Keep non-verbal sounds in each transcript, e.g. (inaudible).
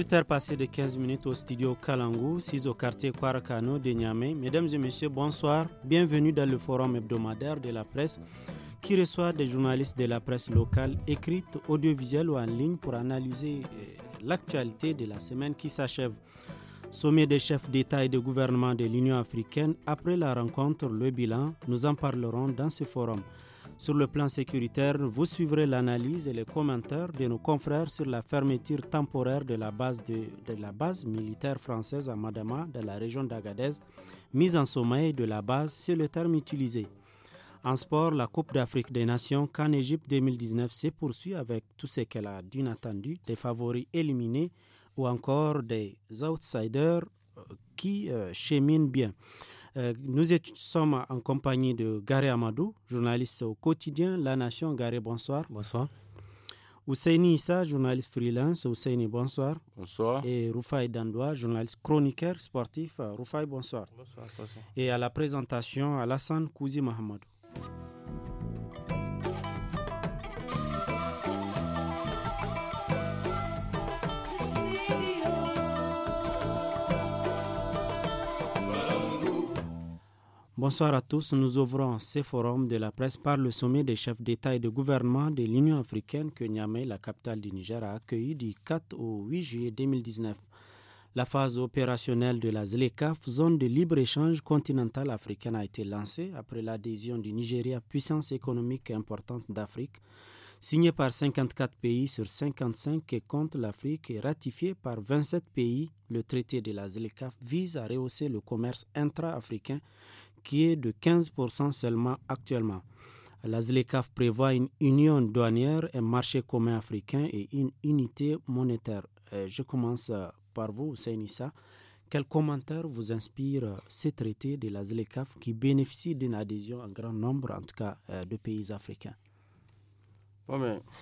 18h de 15 minutes au studio Kalangou, 6 au quartier Kwarakano de Niamey. Mesdames et messieurs, bonsoir. Bienvenue dans le forum hebdomadaire de la presse qui reçoit des journalistes de la presse locale écrite, audiovisuelle ou en ligne pour analyser euh, l'actualité de la semaine qui s'achève. Sommet des chefs d'État et de gouvernement de l'Union africaine après la rencontre, le bilan, nous en parlerons dans ce forum. Sur le plan sécuritaire, vous suivrez l'analyse et les commentaires de nos confrères sur la fermeture temporaire de la base, de, la base militaire française à Madama, dans la région d'Agadez, mise en sommeil de la base, c'est le terme utilisé. En sport, la Coupe d'Afrique des Nations can Égypte 2019 se poursuit avec tout ce qu'elle a d'inattendu, des favoris éliminés ou encore des outsiders euh, qui euh, cheminent bien. Euh, nous sommes en compagnie de Garé Amadou, journaliste au quotidien La Nation. Garé, bonsoir. Bonsoir. Ousseini Issa, journaliste freelance. Ousseini, bonsoir. Bonsoir. Et Roufaï Dandoua, journaliste chroniqueur sportif. Roufaï, bonsoir. Bonsoir. bonsoir. Et à la présentation, Alassane Kouzi Mahamadou. Bonsoir à tous. Nous ouvrons ce forum de la presse par le sommet des chefs d'État et de gouvernement de l'Union africaine que Niamey, la capitale du Niger, a accueilli du 4 au 8 juillet 2019. La phase opérationnelle de la ZLECAF, zone de libre-échange continentale africaine, a été lancée après l'adhésion du Nigeria, puissance économique importante d'Afrique, signée par 54 pays sur 55 qui comptent l'Afrique et ratifiée par 27 pays. Le traité de la ZLECAF vise à rehausser le commerce intra-africain qui est de 15% seulement actuellement. La ZLECAF prévoit une union douanière, un marché commun africain et une unité monétaire. Euh, je commence euh, par vous, Issa. Quel commentaire vous inspire euh, ces traités de la ZLECAF qui bénéficie d'une adhésion en grand nombre, en tout cas, de pays africains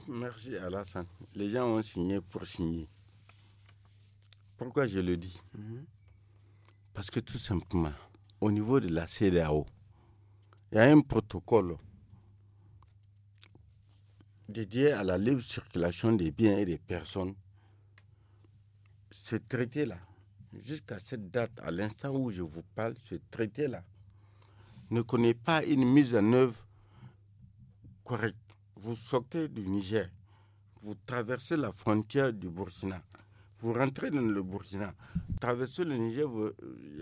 Merci Alassane. Les gens ont signé pour signer. Pourquoi je le dis mhm. Parce que tout simplement, au niveau de la CDAO, il y a un protocole dédié à la libre circulation des biens et des personnes. Ce traité-là, jusqu'à cette date, à l'instant où je vous parle, ce traité-là ne connaît pas une mise en œuvre correcte. Vous sortez du Niger, vous traversez la frontière du Burkina, vous rentrez dans le Burkina, traverser le Niger, vous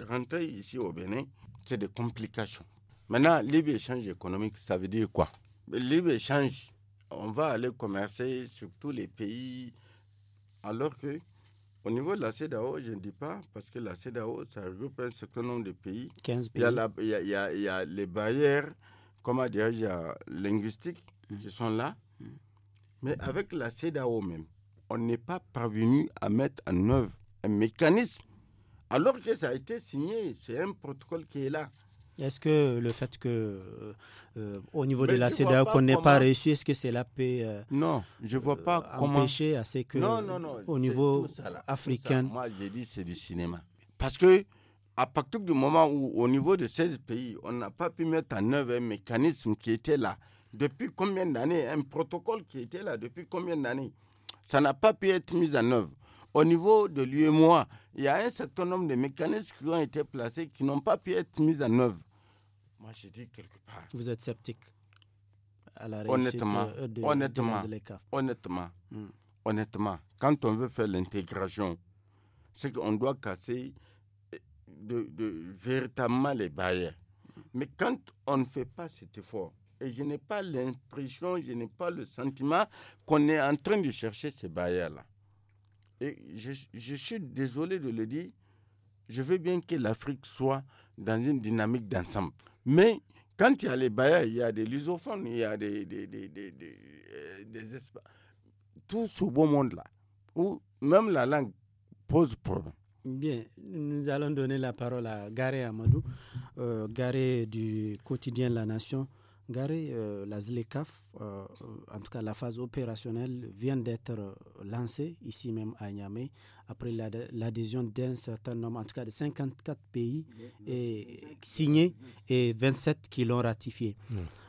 rentrez ici au Bénin, c'est des complications. Maintenant, libre échange économique, ça veut dire quoi Libre échange, on va aller commercer sur tous les pays, alors que au niveau de la CEDAO, je ne dis pas, parce que la CEDAO, ça regroupe un certain nombre de pays. 15 pays. Il y a, les barrières, comment dire, linguistiques mm. qui sont là. Mm. Mais avec la CEDAO même, on n'est pas parvenu à mettre en œuvre un mécanisme, alors que ça a été signé, c'est un protocole qui est là. Est-ce que le fait que, euh, euh, au niveau de la Cda qu'on n'ait pas réussi, est-ce que c'est la paix euh, Non, je vois pas comment. Empêcher à ce que, non, au niveau africain. moi, j'ai dit c'est du cinéma. Parce que, à partir du moment où, au niveau de ces pays, on n'a pas pu mettre en œuvre un mécanisme qui était là, depuis combien d'années, un protocole qui était là, depuis combien d'années ça n'a pas pu être mis en œuvre. Au niveau de l'UMOA, il y a un certain nombre de mécanismes qui ont été placés qui n'ont pas pu être mis en œuvre. Moi, j'ai dit quelque part. Vous êtes sceptique à la euh, honnêtement, de, de, honnêtement, honnêtement, honnêtement, quand on veut faire l'intégration, c'est qu'on doit casser euh, véritablement les barrières. Hmm. Mais quand on ne fait pas cet effort, et je n'ai pas l'impression, je n'ai pas le sentiment qu'on est en train de chercher ces bailleurs-là. Et je, suis désolé de le dire, je veux bien que l'Afrique soit dans une dynamique d'ensemble. Mais quand il y a les bailleurs, il y a des lusophones, il y a des, des, euh, espaces. Tout ce beau monde-là, où même la langue pose problème. Bien, nous allons donner la parole à Garé Amadou, euh, Garé du quotidien La Nation. Garé, euh, la ZLECAF, euh, euh, en tout cas la phase opérationnelle, vient d'être lancée ici même à Niamey après l'adhésion d'un certain nombre, en tout cas de 54 pays signés et 27 qui l'ont ratifié.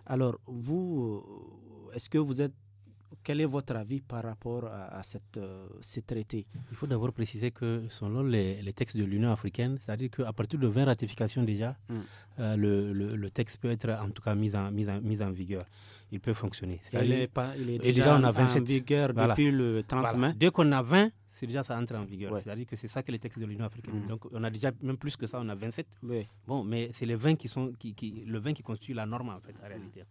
Alors, vous, est-ce que vous êtes quel est votre avis par rapport à, à cette, euh, ces traités Il faut d'abord préciser que selon les, textes de l'Union africaine, c'est-à-dire qu'à partir de 20 ratifications déjà, hmm. euh, le, le, texte peut être en tout cas mis en, en, en vigueur. Il peut fonctionner. il, est déjà, on a 27. en vigueur depuis le 30 mai. Dès qu'on a 20, c'est déjà ça entre en vigueur. C'est-à-dire que c'est ça que les textes de l'Union africaine. Hmm. Donc on a déjà même plus que ça, on a 27. Bon, mais c'est les 20 qui sont qui, qui, le 20 qui constitue la norme en fait en hmm. réalité.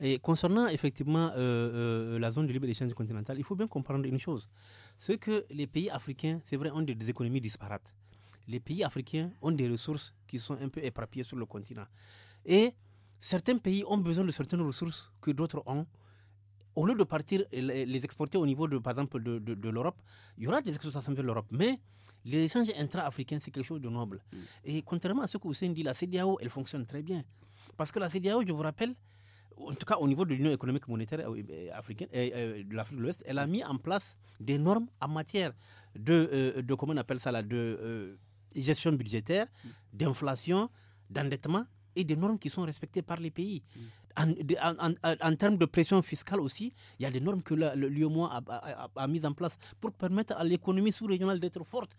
Et concernant effectivement euh, euh, la zone de libre-échange continentale, il faut bien comprendre une chose. C'est que les pays africains, c'est vrai, ont des, économies disparates. Les pays africains ont des ressources qui sont un peu éparpillées sur le continent. Et certains pays ont besoin de certaines ressources que d'autres ont au lieu de partir les exporter au niveau de, par exemple, de, l'Europe, il y aura des exportations vers l'Europe. Mais l'échange intra-africain, c'est quelque chose de noble. Mm. Et contrairement à ce que Hussein dit, la CDAO, elle fonctionne très bien. Parce que la CDAO, je vous rappelle, en tout cas au niveau de l'Union économique monétaire euh, euh, africaine, euh, de l'Afrique de l'Ouest, elle a mis en place des normes en matière de, comment on appelle de gestion budgétaire, d'inflation, d'endettement et des normes qui sont respectées par les pays. Mm. En, termes de pression fiscale aussi, il y a des normes que l'UEMOA a mises en place pour permettre à l'économie sous-régionale d'être forte.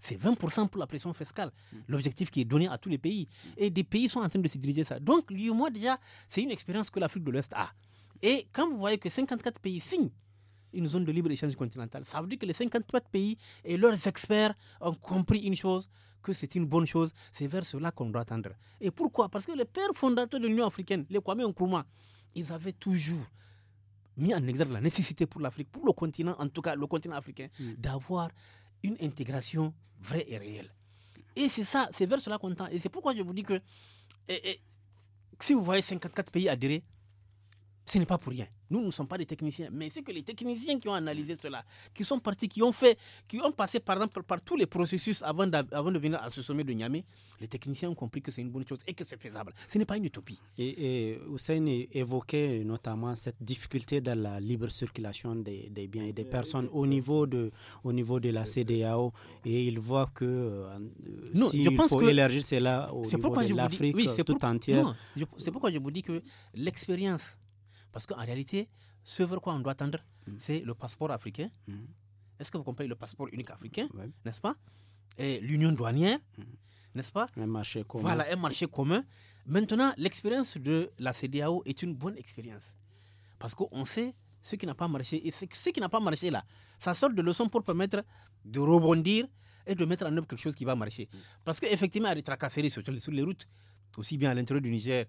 C'est 20% pour la pression fiscale, mm. l'objectif qui est donné à tous les pays. Mm. Et des pays sont en train de se diriger ça. Donc, moi déjà, c'est une expérience que l'Afrique de l'Ouest a. Et quand vous voyez que 54 pays signent une zone de libre-échange continentale, ça veut dire que les 54 pays et leurs experts ont compris une chose, que c'est une bonne chose. C'est vers cela qu'on doit tendre. Et pourquoi Parce que les pères fondateurs de l'Union africaine, les Kwame Nkrumah, ils avaient toujours mis en exergue la nécessité pour l'Afrique, pour le continent, en tout cas le continent africain, mm. d'avoir une intégration vraie et réelle. Et c'est ça, c'est vers cela qu'on tend. Et c'est pourquoi je vous dis que si vous voyez 54 pays adhérer ce n'est pas pour rien. Nous nous ne sommes pas des techniciens, mais c'est que les techniciens qui ont analysé cela, qui sont partis, qui ont fait, qui ont passé par exemple par tous les processus avant, de venir à ce sommet de Niamey, les techniciens ont compris que c'est une bonne chose et que c'est faisable. Ce n'est pas une utopie. Et, et Hussein évoquait notamment cette difficulté dans la libre circulation des, biens et des euh, personnes au niveau de, au niveau de la CDAO et il voit que euh, il faut élargir cela au niveau de l'Afrique tout entière. C'est pourquoi je vous dis que l'expérience parce qu'en réalité, ce vers quoi on doit tendre, mm. c'est le passeport africain. Mm. Est-ce que vous comprenez le passeport unique africain, n'est-ce pas Et l'union douanière, mm. n'est-ce pas Un marché commun. Voilà, un marché commun. Maintenant, l'expérience de la CDAO est une bonne expérience. Parce qu'on sait ce qui n'a pas marché. Et ce qui n'a pas marché là, ça sort de leçons pour permettre de rebondir et de mettre en œuvre quelque chose qui va marcher. Parce qu'effectivement, il y a sur les routes, aussi bien à l'intérieur du Niger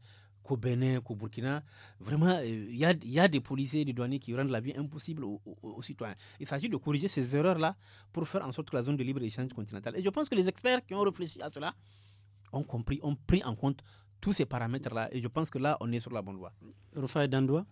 qu'au Bénin, qu'au Burkina. Vraiment, euh, il y a, y, a, des policiers des douaniers qui rendent la vie impossible aux, citoyens. Il s'agit de corriger ces erreurs-là pour faire en sorte que la zone de libre-échange continentale. Et je pense que les experts qui ont réfléchi à cela ont compris, ont pris en compte tous ces paramètres-là. Et je pense que là, on est sur la bonne voie. Rufai Dandoua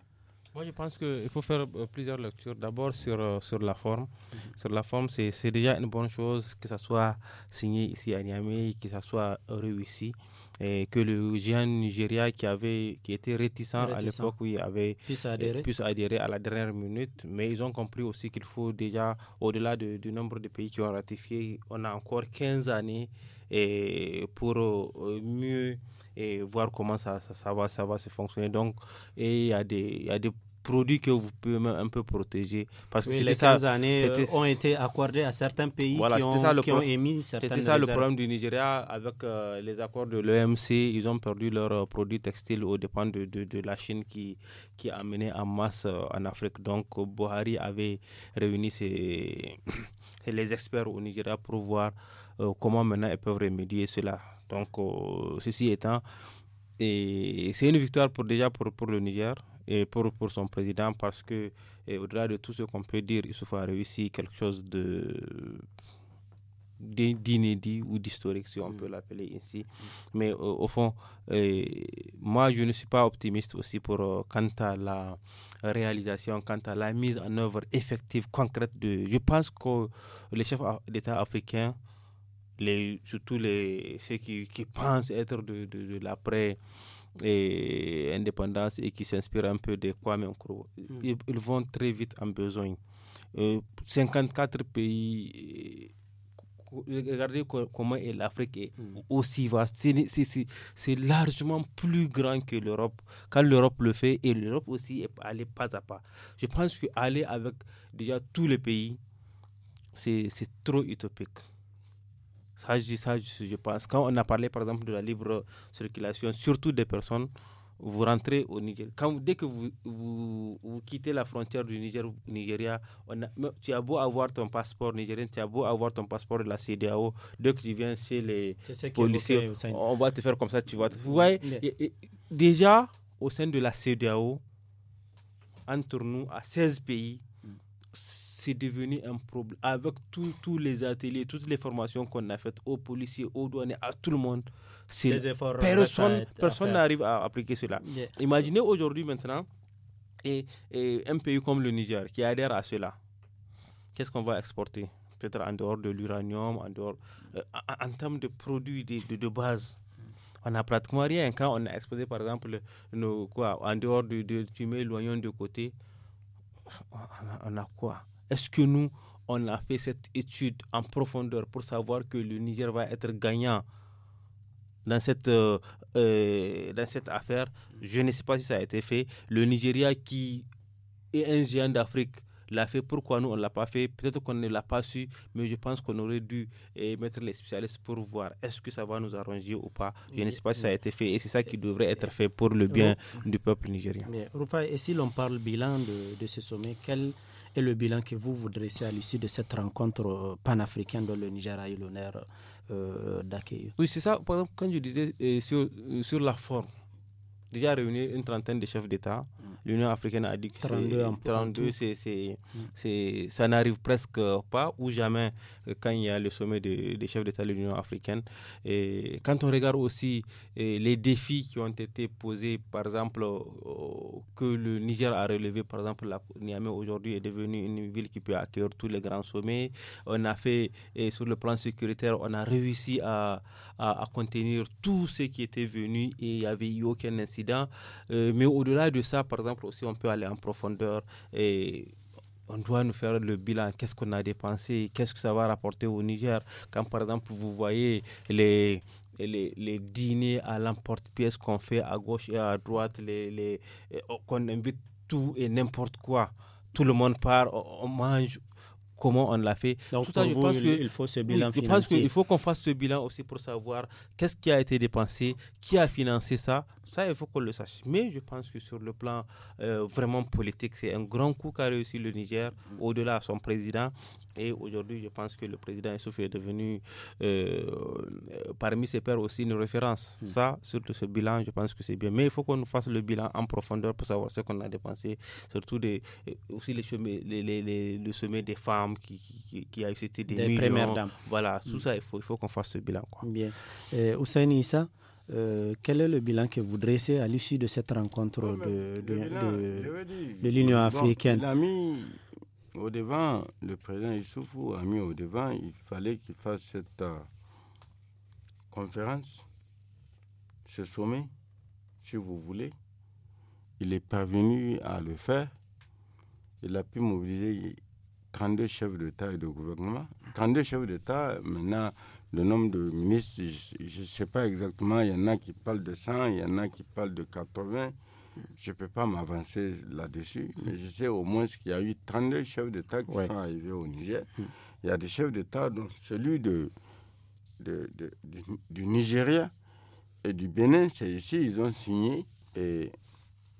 moi, je pense qu'il faut faire euh, plusieurs lectures. D'abord, sur, euh, sur la forme. Mhm. Sur la forme, c'est déjà une bonne chose que ça soit signé ici à Niamey, que ça soit réussi et que le jeune Nigeria qui avait qui était réticent, à l'époque oui avait euh, puisse adhérer. à la dernière minute mais ils ont compris aussi qu'il faut déjà au-delà du nombre de pays qui ont ratifié on a encore 15 années et pour euh, mieux et voir comment ça, ça, va, ça va se fonctionner. Donc, et il y, a des, y a des produits que vous pouvez un peu protéger. Parce que les 15 années euh, ont été accordées à certains pays qui, ont, qui émis certaines C'était ça le problème du Nigeria avec euh, les accords de l'OMC. Ils ont perdu leurs euh, produits textiles aux dépens de, la Chine qui, qui a amené en masse en Afrique. Donc, Buhari avait réuni (coughs) les experts au Nigeria pour voir comment maintenant ils peuvent remédier cela. Donc, ceci étant, c'est une victoire pour, déjà pour le Niger et pour, pour son président parce que, au-delà de tout ce qu'on peut dire, il se a réussi quelque chose de d'inédit ou d'historique, si on peut l'appeler ainsi. Mais au fond, moi, je ne suis pas optimiste aussi pour, euh, quant à la réalisation, quant à la mise en œuvre effective, concrète. De, je pense que les chefs d'État africains, les, surtout les, ceux qui, qui pensent être de, de, de l'après, et indépendance et qui s'inspire un peu de Kwame Nkrumah. Mm. Ils, vont très vite en besoin 54 euh, pays euh, regardez comment l'Afrique est mm. aussi vaste. C'est largement plus grand que l'Europe. Quand l'Europe le fait, et l'Europe aussi est allée pas à pas. Je pense qu'aller avec déjà tous les pays, c'est trop utopique. Ça, je dis ça, je, pense. Quand on a parlé, par exemple, de la libre circulation, surtout des personnes, vous rentrez au Niger. Quand, dès que vous, vous, quittez la frontière du Niger, Nigeria, tu as beau avoir ton passeport nigérien, tu as beau avoir ton passeport de la CDAO, dès que tu viens chez les policiers, on va te faire comme ça, tu vois. Vous voyez, déjà, au sein de la CDAO, entre nous, à 16 pays, c'est devenu un problème. Avec tous les ateliers, toutes les formations qu'on a faites aux policiers, aux douaniers, à tout le monde, efforts personne, n'arrive à appliquer cela. Imaginez aujourd'hui maintenant et, un pays comme le Niger qui adhère à cela. Qu'est-ce qu'on va exporter Peut-être en dehors de l'uranium, en dehors, euh, en, termes de produits de, base on n'a pratiquement rien. Quand on a exposé, par exemple, nos, quoi, en dehors de, de, tu de côté, on a quoi est-ce que nous, on a fait cette étude en profondeur pour savoir que le Niger va être gagnant dans cette, euh, euh, dans cette affaire Je ne sais pas si ça a été fait. Le Nigeria qui est un géant d'Afrique l'a fait. Pourquoi nous, on ne l'a pas fait Peut-être qu'on ne l'a pas su, mais je pense qu'on aurait dû eh, mettre les spécialistes pour voir est-ce que ça va nous arranger ou pas. Je ne sais pas si ça a été fait et c'est ça qui devrait être euh, fait pour le bien du peuple nigérien. Mais Rufa, et si l'on parle bilan de, de, ce sommet, quel et le bilan que vous vous dressez à l'issue de cette rencontre euh, panafricaine dans le Niger a l'honneur euh, d'accueillir. Oui, c'est ça. Par exemple, quand je disais euh, sur, euh, sur la forme, déjà réuni une trentaine de chefs d'État l'Union africaine a dit que 32, 32 mm. ça n'arrive presque pas ou jamais euh, quand il y a le sommet des chefs d'État de l'Union africaine. Et quand on regarde aussi euh, les défis qui ont été posés, par exemple, euh, que le Niger a relevé, par exemple, la Niamey aujourd'hui est devenue une ville qui peut accueillir tous les grands sommets. On a fait, sur le plan sécuritaire, on a réussi à, contenir tout ce qui était venu et il n'y avait eu aucun incident. mais au-delà de ça, par exemple, aussi, on peut aller en profondeur et on doit nous faire le bilan. Qu'est-ce qu'on a dépensé Qu'est-ce que ça va rapporter au Niger Quand, par exemple, vous voyez les, les, dîners à l'emporte-pièce qu'on fait à gauche et à droite, les, qu'on invite tout et n'importe quoi. Tout le monde part, on mange, comment on l'a fait. Tout je pense il, faut ce bilan faut qu'on fasse ce bilan aussi pour savoir qu'est-ce qui a été dépensé, qui a financé ça. Ça, il faut qu'on le sache. Mais je pense que sur le plan euh, vraiment politique, c'est un grand coup qu'a réussi le Niger, au-delà de son président. Et aujourd'hui, je pense que le président Issouf est devenu, euh, parmi ses pairs aussi, une référence. Mm. Ça, sur ce bilan, je pense que c'est bien. Mais il faut qu'on fasse le bilan en profondeur pour savoir ce qu'on a dépensé, surtout des, euh, aussi les, le sommet des femmes qui, a accepté des, Voilà, Sous mm. ça, il faut, il faut qu'on fasse ce bilan. Bien. Euh, Issa, euh, quel est le bilan que vous dressez à l'issue de cette rencontre de, de, l'Union africaine Il a mis au devant, le président Issoufou a mis au devant, il fallait qu'il fasse cette euh, conférence, ce sommet, si vous voulez. Il est parvenu à le faire. Il a pu mobiliser 32 chefs d'État et de gouvernement. 32 chefs d'État, maintenant, le nombre de ministres, je ne sais pas exactement, il y en a qui parlent de 100, il y en a qui parlent de 80. Je ne peux pas m'avancer là-dessus, mais je sais au moins qu'il y a eu 32 chefs d'État qui sont arrivés au Niger. Il y a des chefs d'État, dont celui de, du, Nigeria et du Bénin, c'est ici, ils ont signé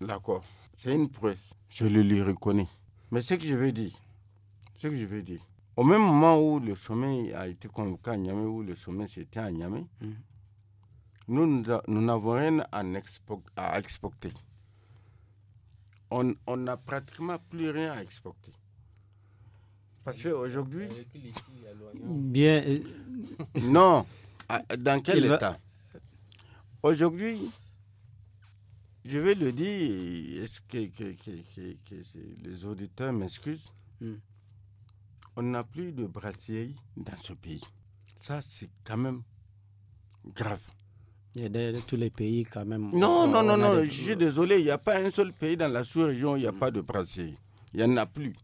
l'accord. C'est une presse, je le lui reconnais. Mais ce que je veux dire, ce que je veux dire. Au même moment où le sommet a été convoqué à Niamey, où le sommet s'était à Niamey, mm. nous, n'avons rien à, exporter. On n'a pratiquement plus rien à exporter. Parce qu'aujourd'hui. Bien. Euh, (laughs) non, dans quel état Aujourd'hui, je vais le dire, est-ce que, les auditeurs m'excusent mm on n'a plus de brassiers dans ce pays. Ça, c'est quand même grave. Il y a de, tous les pays quand même. Non, non, non, non, je suis désolé, il n'y a pas un seul pays dans la sous-région où il n'y a pas de brassier Il n'y en a plus.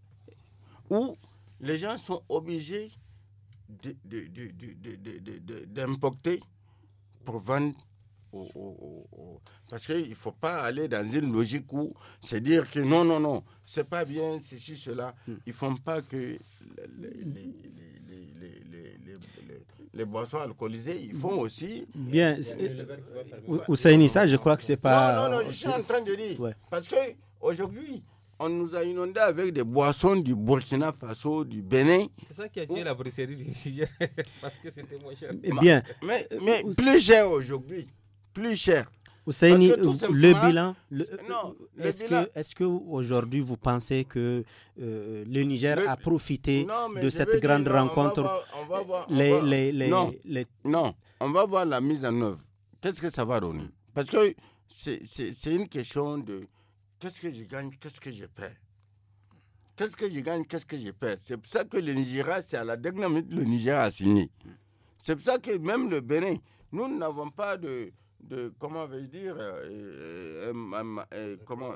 Où les gens sont obligés d'importer pour vendre Oh, oh, oh, parce qu'il ne faut pas aller dans une logique où c'est dire que non, non, non, c'est pas bien, ceci, cela. Hmm. Ils ne font pas que les, boissons alcoolisées, ils font hmm. aussi. Bien, ni ça, je crois que c'est pas. Non, non, je suis en train de dire. Parce qu'aujourd'hui, on nous a inondé avec des boissons du Burkina Faso, du Bénin. C'est ça qui a tué la brasserie du (laughs) parce que c'était moins cher. Eh bien. Mais, euh, mais, mais plus cher aujourd'hui plus cher. Ousseini, euh, le bilan, euh, est-ce que, aujourd'hui vous pensez que euh, le Niger a profité de cette grande rencontre on va voir, non, on va voir la mise en œuvre. Qu'est-ce que ça va donner Parce que c'est une question de qu'est-ce que je gagne, qu'est-ce que je perds Qu'est-ce que je gagne, qu'est-ce que je perds C'est pour ça que le Nigeria, c'est à la dernière le Niger a signé. C'est pour ça que même le Bénin, nous n'avons pas de de comment vais dire, euh, euh, euh, comment,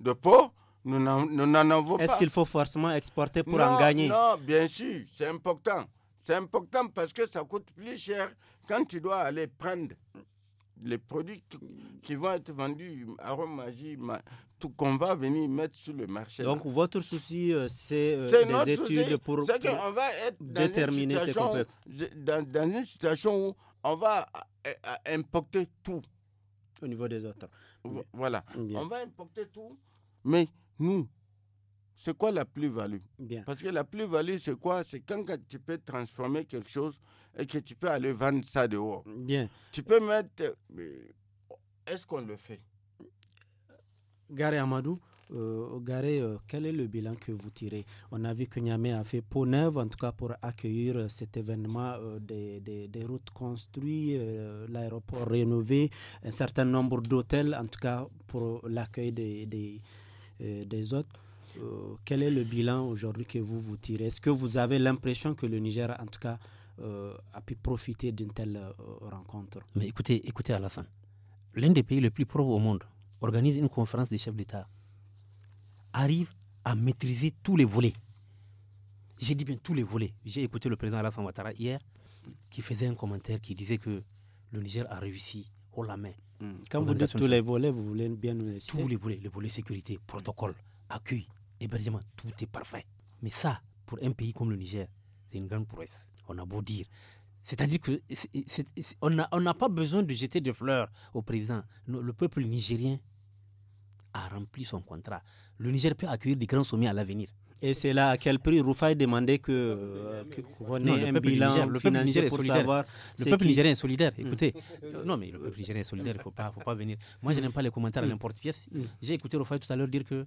de peau, nous n'en avons pas. Est-ce qu'il faut forcément exporter pour en gagner Non, bien sûr, c'est important. C'est important parce que ça coûte plus cher quand tu dois aller prendre les produits qui vont être vendus, à magie, tout qu'on va venir mettre sur le marché. Donc votre souci, c'est les études pour, va être déterminer ces compétences dans une situation où on va importer tout. Au niveau des autres. Voilà. On va importer tout, mais nous, c'est quoi la plus-value Parce que la plus-value, c'est quoi C'est quand tu peux transformer quelque chose et que tu peux aller vendre ça dehors. Bien. Tu peux mettre. Euh, est-ce qu'on le fait Gary Amadou, euh, euh, quel est le bilan que vous tirez On a vu que Niamey a fait peau neuve, en tout cas pour accueillir euh, cet événement euh, des, routes construites, l'aéroport rénové, un certain nombre d'hôtels, en tout cas pour l'accueil des, des, autres. quel est le bilan aujourd'hui que vous vous tirez Est-ce que vous avez l'impression que le Niger, en tout cas, a pu profiter d'une telle rencontre Mais écoutez, écoutez Alassane, l'un des pays les plus pauvres au monde organise une conférence des chefs d'État arrive à maîtriser tous les volets. J'ai dit bien tous les volets. J'ai écouté le président Alassane Ouattara hier qui faisait un commentaire qui disait que le Niger a réussi haut la main. Hmm. Quand vous dites tous les volets, vous voulez bien nous Tous les volets, les volets sécurité, protocole, accueil, hébergement, tout est parfait. Mais ça, pour un pays comme le Niger, c'est une grande prouesse. On a beau dire. C'est-à-dire que on n'a pas besoin de jeter des fleurs au président. Le peuple nigérien a rempli son contrat. Le Niger peut accueillir des grands sommets à l'avenir. Et c'est là à quel prix Roufaï demandait que, euh, ait un bilan le financier pour solidaire. savoir. Le peuple nigérien est solidaire. Mm. Écoutez, euh, non mais le peuple nigérien est solidaire. Il faut pas, faut pas venir. Moi, je mm. n'aime pas les commentaires à mm. n'importe pièce. J'ai écouté Rufai tout à l'heure dire que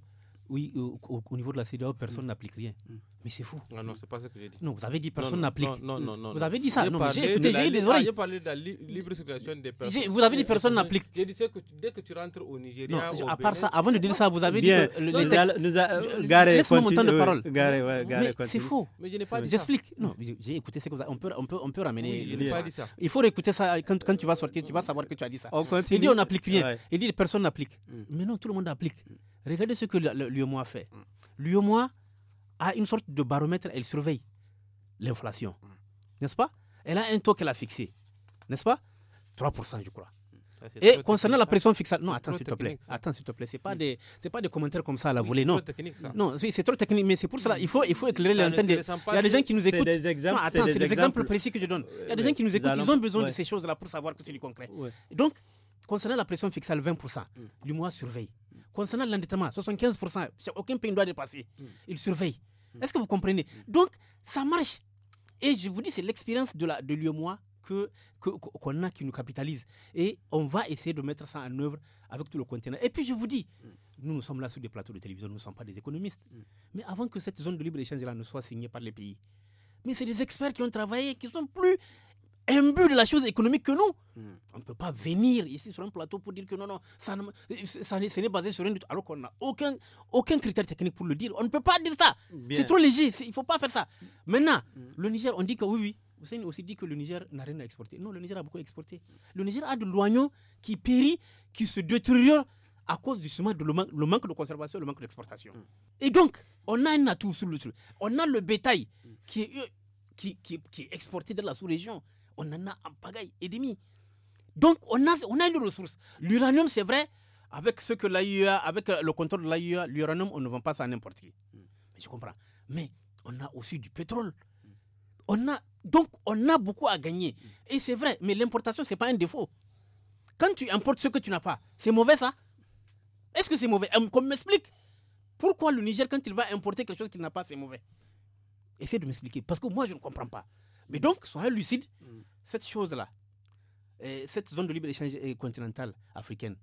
oui, au, niveau de la CDAO, personne mm. n'applique rien. Mm. Mais c'est fou. Non, ah non, c'est pas ce que j'ai dit. Non, vous avez dit personne n'applique. Non, non, non, Vous avez dit ça. Non, j'ai écouté, j'ai eu des oreilles. j'ai parlé de la libre circulation des personnes. Vous avez dit personne n'applique. J'ai dit que dès que tu rentres au Nigeria. Non, au à part ça, avant de dire ça, vous avez dit. Que le, non, nous a, garé, euh, laisse Garé, euh, ouais, garé, mais c'est faux. Mais je n'ai pas dit J'explique. Non, j'ai écouté ce que vous avez. On peut, on peut, on peut ramener. je n'ai pas dit ça. Il faut réécouter ça. Quand, quand tu vas sortir, tu vas savoir que tu as dit ça. Il dit on n'applique rien. Il dit personne n'applique. Mm. Mais non, tout le monde applique. Regardez ce que l'UMOA fait. Mm. L'UMOA a une sorte de baromètre, elle surveille l'inflation. Mm. N'est-ce pas Elle a un taux qu'elle a fixé. N'est-ce pas 3%, je crois. Et concernant la pression fixale, non, attends s'il te plaît, attends s'il te plaît, c'est pas mm. des, c'est pas des commentaires comme ça à la volée, non. Non, c'est trop technique, mais c'est pour cela, il faut, il faut éclairer l'antenne. Il y a des gens qui nous écoutent. non, attends, c'est des, exemples précis que je donne. Il y a des gens qui nous écoutent, ils ont besoin de ces choses-là pour savoir que c'est du concret. Donc, concernant la pression fixale, 20%, l'UMOA surveille. Concernant l'endettement, 75%, aucun pays ne doit dépasser. Hmm. Ils surveillent. Hmm. Est-ce que vous comprenez Donc, ça marche. Et je vous dis, c'est l'expérience de, la, de l'UEMOA que, qu'on a qui nous capitalise. Et on va essayer de mettre ça en œuvre avec tout le continent. Et puis, je vous dis, hmm. nous, nous sommes là sur des plateaux de télévision, nous ne sommes pas des économistes. Mais avant que cette zone de libre-échange-là ne soit signée par les pays, mais c'est des experts qui ont travaillé, qui sont plus imbue de la chose économique que nous. Hmm. On ne peut pas venir ici sur un plateau pour dire que non, non, ça, n'est basé sur rien alors qu'on n'a aucun, aucun critère technique pour le dire. On ne peut pas dire ça. C'est trop léger, il ne faut pas faire ça. Maintenant, hmm. le Niger, on dit que oui, oui. savez, aussi dit que le Niger n'a rien à exporter. Non, le Niger a beaucoup exporté. Le Niger a de l'oignon qui périt, qui se détériore à cause du de le, manque de conservation, le manque d'exportation. Hmm. Et donc, on a un atout sur le truc. On a le bétail qui est, euh, qui, exporté de la sous-région, on en a un pagaille et demi. Donc, on a, on a une ressource. L'uranium, c'est vrai, avec ce que l'AIEA, avec le contrôle de l'AIEA, l'uranium, on ne vend pas ça à n'importe qui. Hmm. Mais je comprends. Mais on a aussi du pétrole. On a, donc, on a beaucoup à gagner. Hmm. Et c'est vrai, mais l'importation, ce n'est pas un défaut. Quand tu importes ce que tu n'as pas, c'est mauvais ça Est-ce que c'est mauvais Comme euh, m'explique. Pourquoi le Niger, quand il va importer quelque chose qu'il n'a pas, c'est mauvais Essaye de m'expliquer. Parce que moi, je ne comprends pas. Mais donc, soyez lucides, hmm. cette chose-là, cette zone de libre-échange continentale africaine,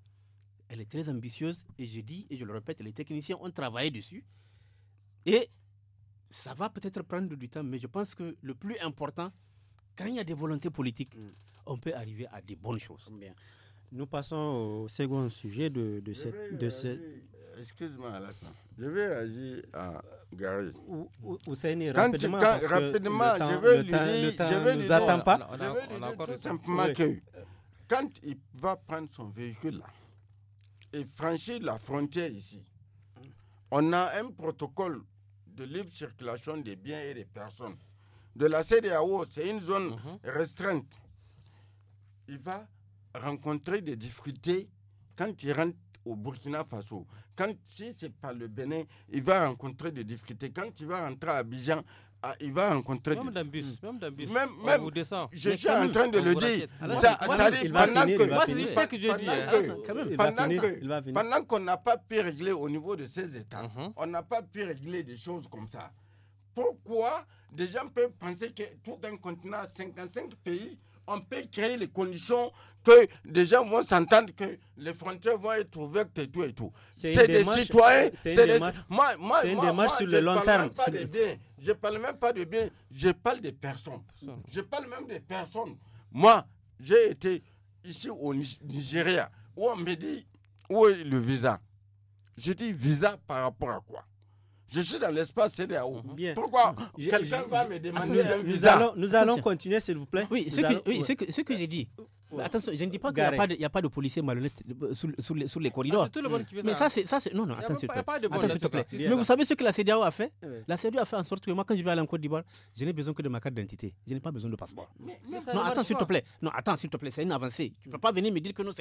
elle est très ambitieuse et je dis et je le répète, les techniciens ont travaillé dessus et ça va peut-être prendre du temps, mais je pense que le plus important, quand il y a des volontés politiques, hmm. on peut arriver à des bonnes choses. Nous passons au second sujet de, de cette. De ce... Excuse-moi, Alassane. Je vais agir à Gary. Ou, rapidement. rapidement, je vais lui dire. Je vais lui dire, pas. On a, on a tout simplement que quand il va prendre son véhicule là, et franchir la frontière ici, on a un protocole de libre circulation des biens et des personnes. De la CDAO, c'est une zone mhm. restreinte. Il va rencontrer des difficultés quand il rentre au Burkina Faso. Quand si c'est pas le Bénin, il va rencontrer des difficultés. Quand il va rentrer à Abidjan, ah, il va rencontrer même des... bus, même dans bus. Même, même Je suis en train de le dire. Ça, que pendant qu'on n'a pas pu régler au niveau de ces États, mhm. on n'a pas pu régler des choses comme ça. Pourquoi des gens peuvent penser que tout un continent, 55 pays, on peut créer les conditions que des gens vont s'entendre que les frontières vont être ouvertes et tout et tout. C'est des citoyens. C'est une, moi, sur le long terme. je ne parle même pas de biens, je parle de personnes. Je parle même des personnes. Moi, j'ai été ici au Nigeria où on me dit où est le visa. Je dis visa par rapport à quoi je suis dans l'espace CDAO. Mhm. Pourquoi quelqu'un va me demander un visa Nous allons, continuer, s'il vous plaît. Oui, oui, ce que j'ai dit. Bah, attention, je ne dis pas qu'il n'y a, pas de policiers malhonnêtes euh, sur, les, ah, corridors. Mais ça, c'est. Non, non, attends, s'il te plaît. Mais vous savez ce que la CDAO a fait eh La CDAO a fait en sorte que moi, quand je vais aller en Côte d'Ivoire, je n'ai besoin que de ma carte d'identité. Je n'ai pas besoin de passeport. non, attends, s'il te plaît. Non, attends, s'il te plaît, c'est une avancée. Tu ne vas pas venir me dire que c'est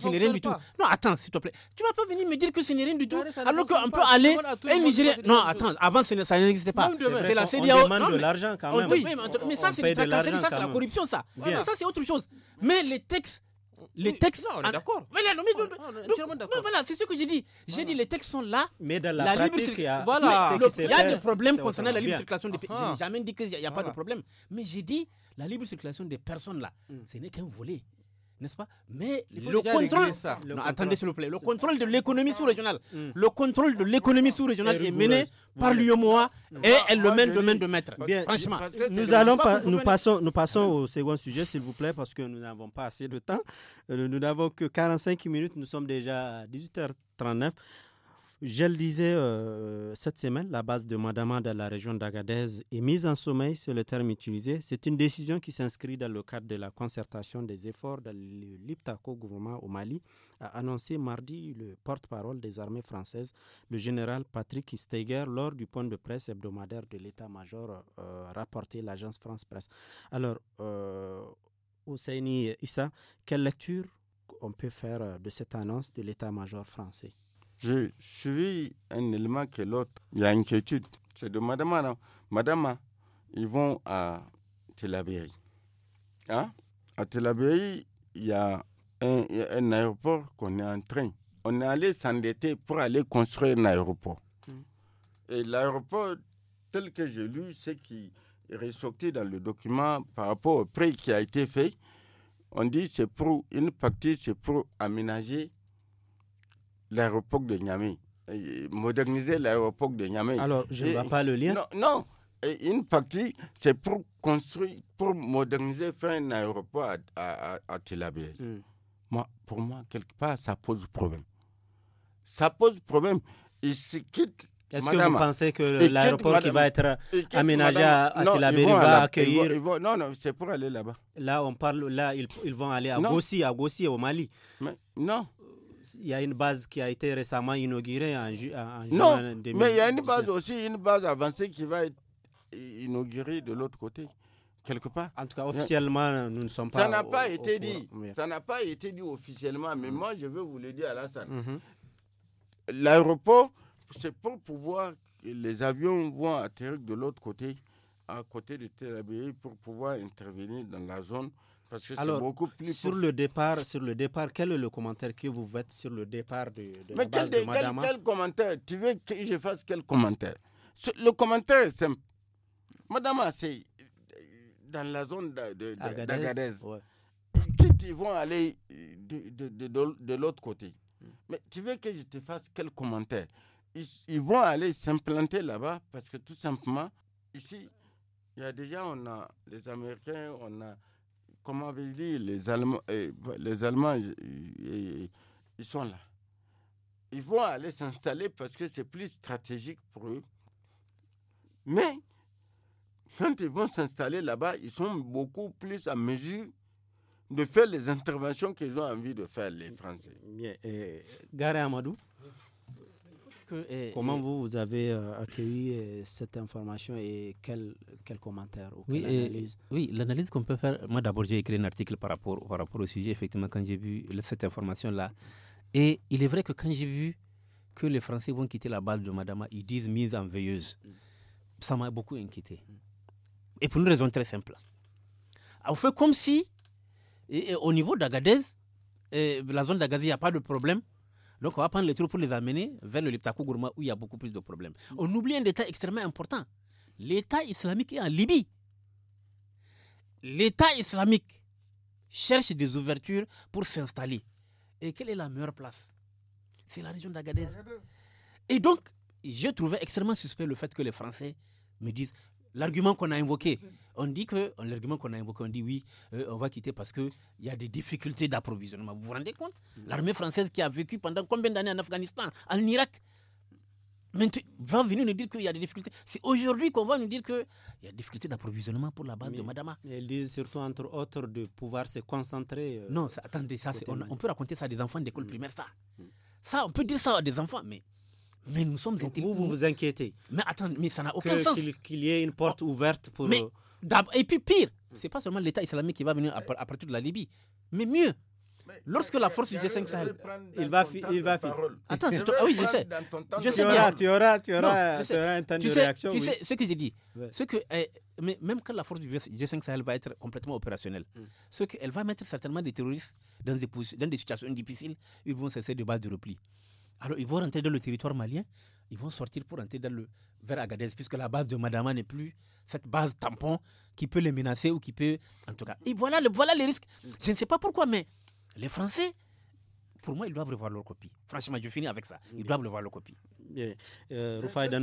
ce n'est rien du tout. Non, attends, s'il te plaît. Tu ne vas pas venir me dire que ce n'est rien du tout. Alors qu'on peut aller. en Nigérien. Non, attends, avant, ça n'existait pas. C'est la CDAO. On demande de l'argent quand même. mais ça, c'est la corruption, ça. Ça, c'est autre chose. Mais les textes. Les textes. Non, on est d'accord. Voilà, c'est ce que j'ai dit. J'ai dit les textes sont là. Mais dans la, pratique, libre, il y a, voilà, il y a des problèmes concernant la libre circulation des personnes. Ah. Je n'ai jamais dit qu'il n'y a, pas de problème. Mais j'ai dit la libre circulation des personnes là, mm. ce n'est qu'un volet n'est-ce pas Mais le contrôle, attendez s'il vous plaît, le contrôle de l'économie ah. sous-régionale, hmm. le contrôle de l'économie sous-régionale est mené par l'UMOA et elle le mène de main de maître. franchement, nous allons pas, nous passons, nous passons au second sujet s'il vous plaît parce que nous n'avons pas assez de temps. Euh, nous n'avons que 45 minutes, nous sommes déjà à 18h39. Je le disais, euh, cette semaine, la base de Madama dans la région d'Agadez est mise en sommeil, c'est le terme utilisé. C'est une décision qui s'inscrit dans le cadre de la concertation des efforts de l'Iptako gouvernement au Mali, a annoncé mardi le porte-parole des armées françaises, le général Patrick Steiger, lors du point de presse hebdomadaire de l'état-major, euh, rapporté l'agence France Presse. Alors, euh, Issa, quelle lecture on peut faire euh, de cette annonce de l'état-major français je suis un élément que l'autre. Il y a une inquiétude. C'est de madame. madame, ils vont à Tel Aviv. Hein? À Tel Aviv, il y a un, aéroport qu'on est en train. On est allé s'endetter pour aller construire un aéroport. Mm. Et l'aéroport, tel que j'ai lu, c'est qui est ressorti dans le document par rapport au prix qui a été fait. On dit c'est pour une partie, c'est pour aménager l'aéroport de Niamey, moderniser l'aéroport de Niamey. Alors, je ne vois pas le lien. Non, une partie, c'est pour construire, pour moderniser, faire un aéroport à, à, à hmm. Moi, pour moi, quelque part, ça pose problème. Ça pose problème. Ils se quittent est-ce que vous pensez que l'aéroport qui va être aménagé à, Tilabé, va accueillir Non, non, c'est pour aller là-bas. Là, on parle, là, ils, vont aller à Gossi, à Gossi, au Mali. Mais, non, il y a une base qui a été récemment inaugurée en, juin... non, mais il y a une base aussi, une base avancée qui va être inaugurée de l'autre côté, quelque part. En tout cas, officiellement, nous ne sommes pas. Ça n'a pas été dit. Ça n'a pas été dit officiellement, mais mm-hmm. moi, je veux vous le dire, à la salle. L'aéroport, c'est pour pouvoir les avions vont atterrir de l'autre côté, à côté de Tel pour pouvoir intervenir dans la zone parce que Alors, beaucoup plus sur, le départ, sur le départ, quel est le commentaire que vous faites sur le départ de, de Mais la quel, commentaire Tu veux que je fasse quel commentaire Le commentaire c'est... Madame, Madama, c'est euh, dans la zone d'Agadez. ils vont aller de, l'autre côté. Hmm. Mais tu veux que je te fasse quel commentaire ils vont aller s'implanter là-bas parce que tout simplement, ici, il y a déjà, on a les Américains, on a Comment vais-je dire les Allemands, eh, bah, les Allemands ils sont là. Ils vont aller s'installer parce que c'est plus stratégique pour eux. Mais quand ils vont s'installer là-bas, ils sont beaucoup plus à mesure de faire les interventions qu'ils ont envie de faire, les Français. Bien. Et, eh, Gare Amadou eh, Comment eh, vous, avez euh, accueilli eh, cette information et quel, quel commentaire ou oui, quelle analyse Oui, l'analyse qu'on peut faire. Moi, d'abord, j'ai écrit un article par rapport, par rapport au sujet, effectivement, quand j'ai vu cette information-là. Et il est vrai que quand j'ai vu que les Français vont quitter la balle de Madama, ils disent mise en veilleuse. Ça m'a beaucoup inquiété. Et pour une raison très simple. On fait comme si, et, au niveau d'Agadez, la zone d'Agadez, il n'y a pas de problème donc on va prendre les troupes pour les amener vers le Liptako Gourma où il y a beaucoup plus de problèmes. Mm. On oublie un détail extrêmement important. L'État islamique est en Libye. L'État islamique cherche des ouvertures pour s'installer. Et quelle est la meilleure place C'est la région d'Agadez. Et donc, je trouvais extrêmement suspect le fait que les Français me disent l'argument qu'on a invoqué on dit que, l'argument qu'on a invoqué, on dit oui, euh, on va quitter parce qu'il y a des difficultés d'approvisionnement. Vous vous rendez compte L'armée française qui a vécu pendant combien d'années en Afghanistan, en Irak, va venir nous dire qu'il y a des difficultés. C'est aujourd'hui qu'on va nous dire qu'il y a des difficultés d'approvisionnement pour la base de Madama. ils disent surtout, entre autres, de pouvoir se concentrer. Euh, non, attendez, ça, on, peut raconter ça à des enfants d'école mm. primaire, ça. Mm. Ça, on peut dire ça à des enfants, mais. Mais nous sommes intelligents. Vous, vous vous inquiétez. Mais attendez, mais ça n'a aucun sens. Qu'il y ait une porte oh, ouverte pour. Euh, et puis pire, hmm. c'est pas seulement l'État islamique qui va venir à, partir de la Libye, mais mieux. Lorsque la force du G5 Sahel, il va il va Attends, ah oui, je sais. Je sais bien. Tu auras, tu auras, tu auras un réaction. Tu sais ce que j'ai dit. Ce que eh, même quand la force du G5 Sahel va être complètement opérationnelle, hmm. ce qu'elle va mettre certainement des terroristes dans des, dans des situations difficiles, ils vont cesser de base de repli. Alors ils vont rentrer dans le territoire malien, ils vont sortir pour entrer dans le, vers Agadez, puisque la base de Madama n'est plus cette base tampon qui peut les menacer ou qui peut. En tout cas, et voilà, le, voilà les risques. Je ne sais pas pourquoi, mais les Français, pour moi, ils doivent revoir leur copie. Franchement, je finis avec ça. Ils doivent revoir leur copie. Eh, eh, euh,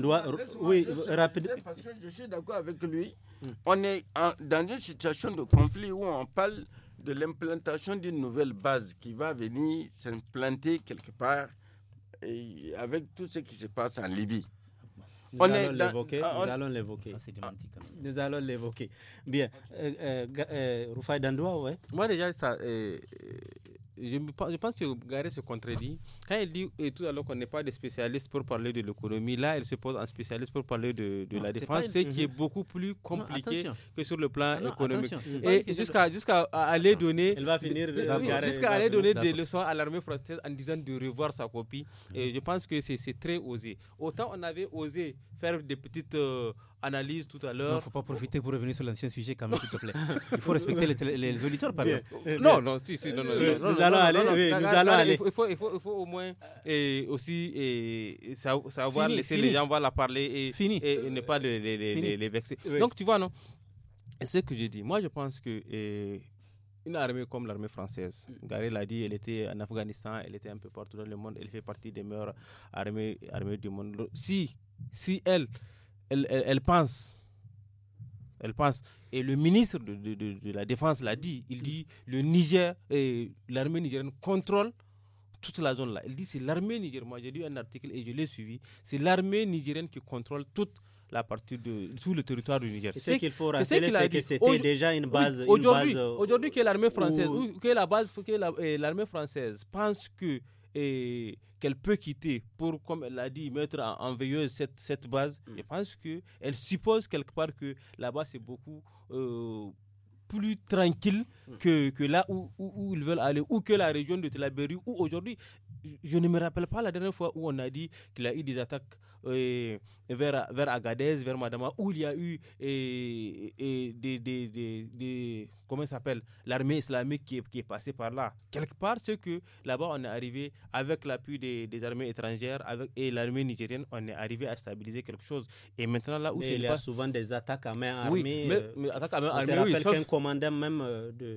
oui, rapide. Parce que je suis d'accord avec lui. Hmm. On est dans une situation de conflit où on parle de l'implantation d'une nouvelle base qui va venir s'implanter quelque part et avec tout ce qui se passe en Libye. Nous ah, allons l'évoquer. Nous allons l'évoquer. Nous allons l'évoquer. Bien. Euh, euh, euh Dandoua, ouais. Moi, déjà, ça, euh, je, pense que Gareth se contredit. Quand elle dit et tout l'heure qu'on n'est pas des spécialistes pour parler de l'économie, là, elle se pose en spécialiste pour parler de, la défense, ce qui est beaucoup plus compliqué que sur le plan ah, économique. Et jusqu'à aller donner, jusqu'à aller donner des leçons à l'armée française en disant de revoir sa copie. Et je pense que c'est très osé. Autant on avait osé faire des petites euh, analyse tout à l'heure. Il ne faut pas profiter pour revenir sur l'ancien sujet quand même, s'il te plaît. Il faut (laughs) respecter les, les, auditeurs, pardon. Eh, non, non, si, si, non, non. Nous, allons aller, Il faut, il faut, il faut au moins et aussi et, savoir laisser les gens la parler et, ne pas les, les, les vexer. Donc, tu vois, non C'est ce que j'ai dit. Moi, je pense que... une armée comme l'armée française. Gary l'a dit, elle était en Afghanistan, elle était un peu partout dans le monde, elle fait partie des meilleures armées, armées du monde. Si, si elle, elle, pense. Elle pense. Et le ministre de, la Défense l'a dit. Il dit le Niger et l'armée nigérienne contrôle toute la zone là. Il dit c'est l'armée nigérienne. Moi j'ai lu un article et je l'ai suivi. C'est l'armée nigérienne qui contrôle toute la partie de tout le territoire du Niger. C'est qu'il faut rappeler, c'est que c'était déjà une base. aujourd'hui, aujourd'hui que l'armée euh, française, que la base, que euh, l'armée française pense que et qu'elle peut quitter pour, comme elle l'a dit, mettre en, veilleuse cette, cette base, mm. je pense qu'elle suppose quelque part que là-bas, c'est beaucoup euh, plus tranquille mm. que, que là où, où, ils veulent aller, ou que la région de Tel ou où aujourd'hui, je ne me rappelle pas la dernière fois où on a dit qu'il a eu des attaques euh, vers, vers Agadez, vers Madama, où il y a eu et euh, euh, des, des, Comment s'appelle L'armée islamique qui est, qui est, passée par là. Quelque part, c'est que là-bas, on est arrivé, avec l'appui des, armées étrangères avec, et l'armée nigérienne, on est arrivé à stabiliser quelque chose. Et maintenant, là où c'est. Il y a souvent des attaques à main armée. Oui, mais, attaques à main armée. On qu'un commandant même de,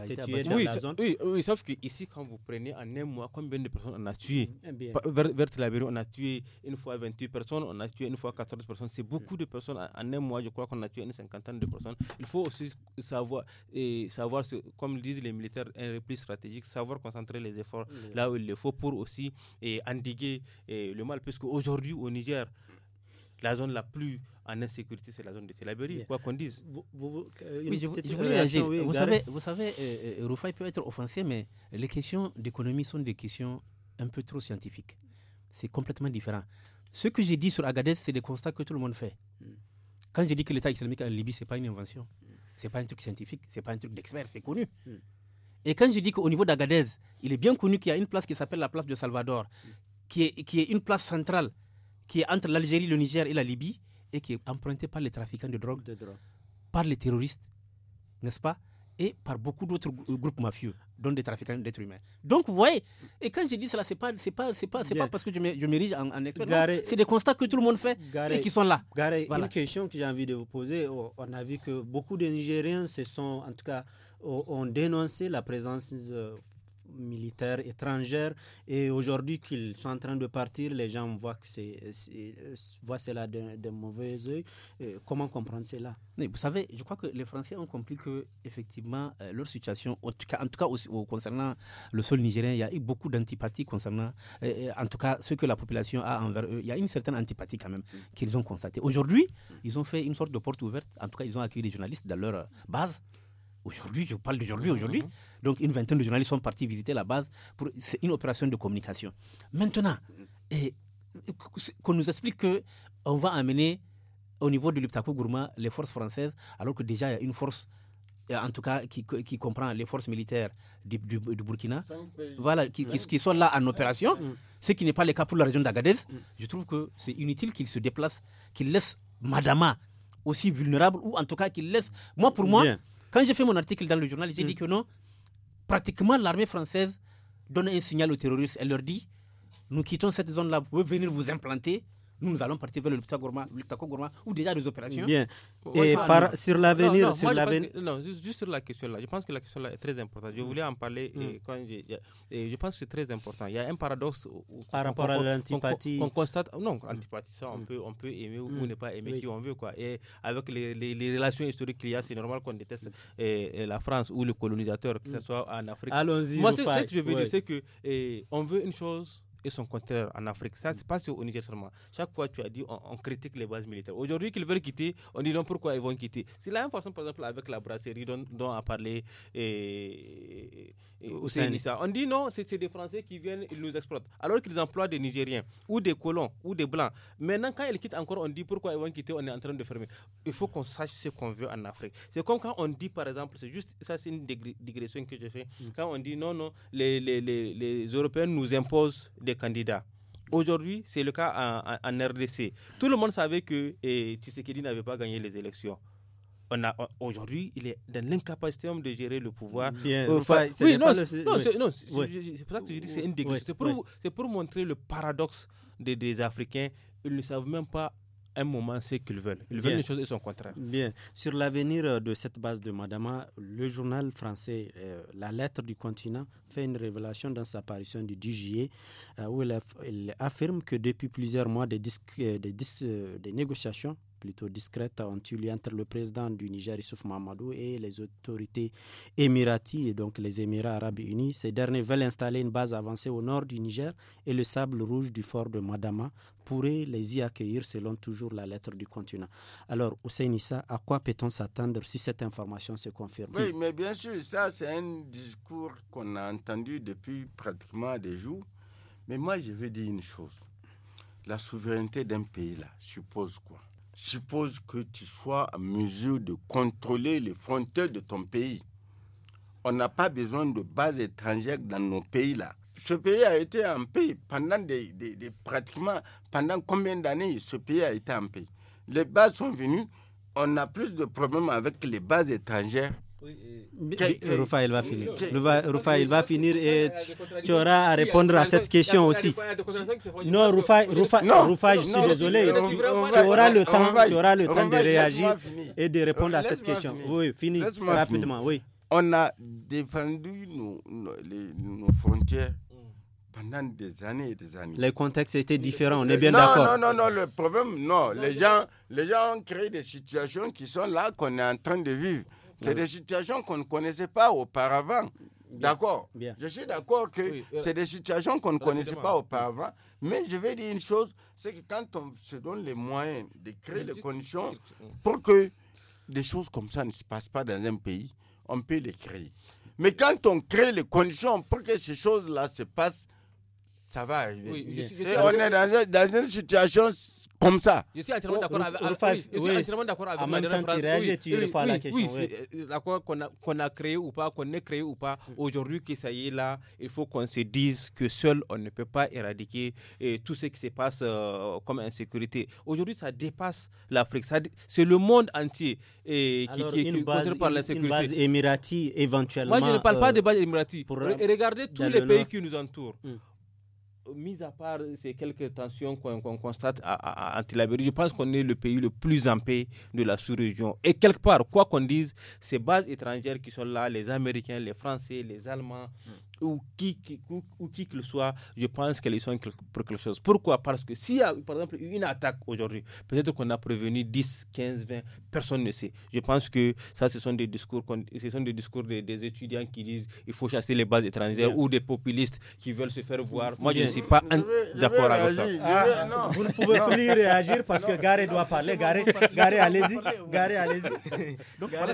a, été tué dans la zone. Oui, oui sauf ici quand vous prenez en un mois, combien de on a tué. Eh vers, on a tué une fois 28 personnes, on a tué une fois 14 personnes. C'est beaucoup de personnes. En un mois, je crois qu'on a tué une cinquantaine de personnes. Il faut aussi savoir, et savoir comme disent les militaires, un repli stratégique, savoir concentrer les efforts eh là où il le faut pour aussi et endiguer le mal. Puisque aujourd'hui, au Niger, la zone la plus en insécurité, c'est la zone de Telaberi, quoi qu'on dise. Vous, euh, oui, je, voulais vous, savez, vous savez, euh, euh, peut être offensé, mais les questions d'économie sont des questions un peu trop scientifiques. C'est complètement différent. Ce que j'ai dit sur Agadez, c'est des constats que tout le monde fait. Hmm. Quand je dis que l'État islamique en Libye, ce n'est pas une invention, ce n'est pas un truc scientifique, ce n'est pas un truc d'expert, c'est connu. Hmm. Et quand je dis qu'au niveau d'Agadez, il est bien connu qu'il y a une place qui s'appelle la place de Salvador, hmm. qui est, qui est une place centrale qui est entre l'Algérie, le Niger et la Libye, et qui est emprunté par les trafiquants de drogue, par les terroristes, n'est-ce pas et par beaucoup d'autres groupes mafieux, dont des trafiquants d'êtres humains. Donc, vous voyez, et quand je dis cela, ce n'est pas, pas, pas parce que je m'érige en, en C'est des constats que tout le monde fait et qui sont là. une question que j'ai envie de vous poser. Oh, on a vu que beaucoup de Nigériens se sont, en tout cas, oh, ont dénoncé la présence euh, militaires étrangères. Et aujourd'hui qu'ils sont en train de partir, les gens voient, que c'est, cela d'un mauvais oeil. comment comprendre cela oui, Vous savez, je crois que les Français ont compris que effectivement euh, leur situation, en tout cas, en tout cas aussi, concernant le sol nigérien, il y a eu beaucoup d'antipathie concernant, euh, euh, en tout cas, ce que la population a envers eux. Il y a une certaine antipathie quand même mm. qu'ils ont constaté. Aujourd'hui, ils ont fait une sorte de porte ouverte. En tout cas, ils ont accueilli des journalistes dans leur base. Aujourd'hui, je parle d'aujourd'hui, aujourd'hui. Mhm. Donc, une vingtaine de journalistes sont partis visiter la base. Pour... C'est une opération de communication. Maintenant, mhm. et, qu'on nous explique qu'on va amener au niveau de l'Iptako Gourma les forces françaises, alors que déjà, il y a une force euh, en tout cas qui, comprend les forces militaires du, Burkina, voilà, qui, qui, sont là en opération, ce qui n'est pas le cas pour la région d'Agadez, mhm. je trouve que c'est inutile qu'ils se déplacent, qu'ils laissent Madama aussi vulnérable, ou en tout cas qu'ils laissent... Moi, pour moi, quand j'ai fait mon article dans le journal, j'ai dit mm. que non, pratiquement l'armée française donne un signal aux terroristes. Elle leur dit, nous quittons cette zone-là, vous pouvez venir vous implanter, nous, allons partir vers le Lutako gourma, ou déjà des opérations. Bien. Oh, et par, sur l'avenir, non, sur l'avenir. Non, juste, sur la question là. Je pense que la question là est très importante. Je voulais en parler hmm. je, pense que c'est très important. Il y a un paradoxe par rapport à l'antipathie. On, constate, non, hmm. antipathie, ça, on hmm. peut, on peut aimer ou, ne pas aimer si qui on veut quoi. Et avec les, relations historiques qu'il y a, c'est normal qu'on déteste la France ou le colonisateur, que ce soit en Afrique. Allons-y. Moi, ce que je veux dire, c'est qu'on on veut une chose et son contraire en Afrique. Ça se passe au Niger seulement. Chaque fois, tu as dit, on, critique les bases militaires. Aujourd'hui, qu'ils veulent quitter, on dit non, pourquoi ils vont quitter. C'est la même façon, par exemple, avec la brasserie dont, dont a parlé et, On dit non, c'est des Français qui viennent, ils nous exploitent. Alors qu'ils emploient des Nigériens, ou des colons, ou des Blancs. Maintenant, quand ils quittent encore, on dit pourquoi ils vont quitter, on est en train de fermer. Il faut qu'on sache ce qu'on veut en Afrique. C'est comme quand on dit, par exemple, c'est juste, ça c'est une digression que je fais, mm. quand on dit non, non, les, les, les, Européens nous imposent des candidats. Aujourd'hui, c'est le cas en, RDC. Tout le monde savait que eh, Tshisekedi n'avait pas gagné les élections. On a aujourd'hui, il est dans l'incapacité de gérer le pouvoir. non, c'est pour ça que je dis c'est une C'est pour, montrer le paradoxe des, des Africains. Ils ne savent même pas un moment c'est qu'ils veulent. Ils veulent une chose et son contraire. Bien. Sur l'avenir euh, de cette base de Madama, le journal français euh, La Lettre du Continent fait une révélation dans sa parution du 10 juillet euh, où il, affirme que depuis plusieurs mois, des, des, des négociations plutôt discrète ont eu lieu entre le président du Niger, Issouf Mamadou, et les autorités émiraties, et donc les Émirats arabes unis. Ces derniers veulent installer une base avancée au nord du Niger et le sable rouge du fort de Madama pourrait les y accueillir selon toujours la lettre du continent. Alors, Ousseinissa, à quoi peut-on s'attendre si cette information se confirme Oui, mais bien sûr, ça c'est un discours qu'on a entendu depuis pratiquement des jours. Mais moi, je veux dire une chose. La souveraineté d'un pays, là, suppose quoi suppose que tu sois en mesure de contrôler les frontières de ton pays. On n'a pas besoin de bases étrangères dans nos pays là. Ce pays a été en pays pendant des, pratiquement pendant combien d'années ce pays a été en paix. Les bases sont venues, on a plus de problèmes avec les bases étrangères Rufa, il va finir. Rufa, il va finir et tu auras à répondre à cette question aussi. Non, Rufa, je suis désolé. Tu auras le temps, le temps de réagir et de répondre à cette question. Oui, fini, rapidement. Oui. On a défendu nos, frontières pendant des années et des années. Les contextes étaient différents, on est bien d'accord. Non, non, non, le problème, non. Les gens, les gens ont créé des situations qui sont là qu'on est en train de vivre. C'est des situations qu'on ne connaissait pas auparavant. D'accord Je suis d'accord que euh, c'est des situations qu'on ne connaissait pas auparavant. Mais je vais dire une chose, c'est que quand on se donne les moyens de créer les conditions pour que des choses comme ça ne se passent pas dans un pays, on peut les créer. Mais quand on crée les conditions pour que ces choses-là se passent, ça va arriver. Et on est dans une situation comme ça. Je suis entièrement oh, d'accord avec, oui, je suis entièrement d'accord avec en même temps, tu réagis, tu à la question. Oui, qu'on a, créé ou pas, qu'on ait créé ou pas, mm. aujourd'hui que ça y est là, il faut qu'on se dise que seul on ne peut pas éradiquer eh, tout ce qui se passe euh, comme insécurité. Aujourd'hui, ça dépasse l'Afrique, c'est le monde entier eh, qui, est contrôlé par l'insécurité. Une base émiratie, éventuellement. Moi, je ne parle pas euh, de base émiratie, Regardez tous les pays qui nous entourent. Mm mis à part ces quelques tensions qu'on constate à, à, à je pense qu'on est le pays le plus en paix de la sous-région. Et quelque part, quoi qu'on dise, ces bases étrangères qui sont là, les Américains, les Français, les Allemands, mm ou qui, qui ou, que le soit, je pense qu'elles sont pour quelque chose. Pourquoi Parce que s'il y a, par exemple, une attaque aujourd'hui, peut-être qu'on a prévenu 10, 15, 20, personne ne sait. Je pense que ça, ce sont des discours, ce sont des, discours des, étudiants qui disent il faut chasser les bases étrangères ou des populistes qui veulent se faire voir. Moi, je ne suis pas d'accord avec ça. Ah. vous ne pouvez plus réagir parce que Garé doit parler. Garé, Garé allez-y. Garé, allez-y. Garé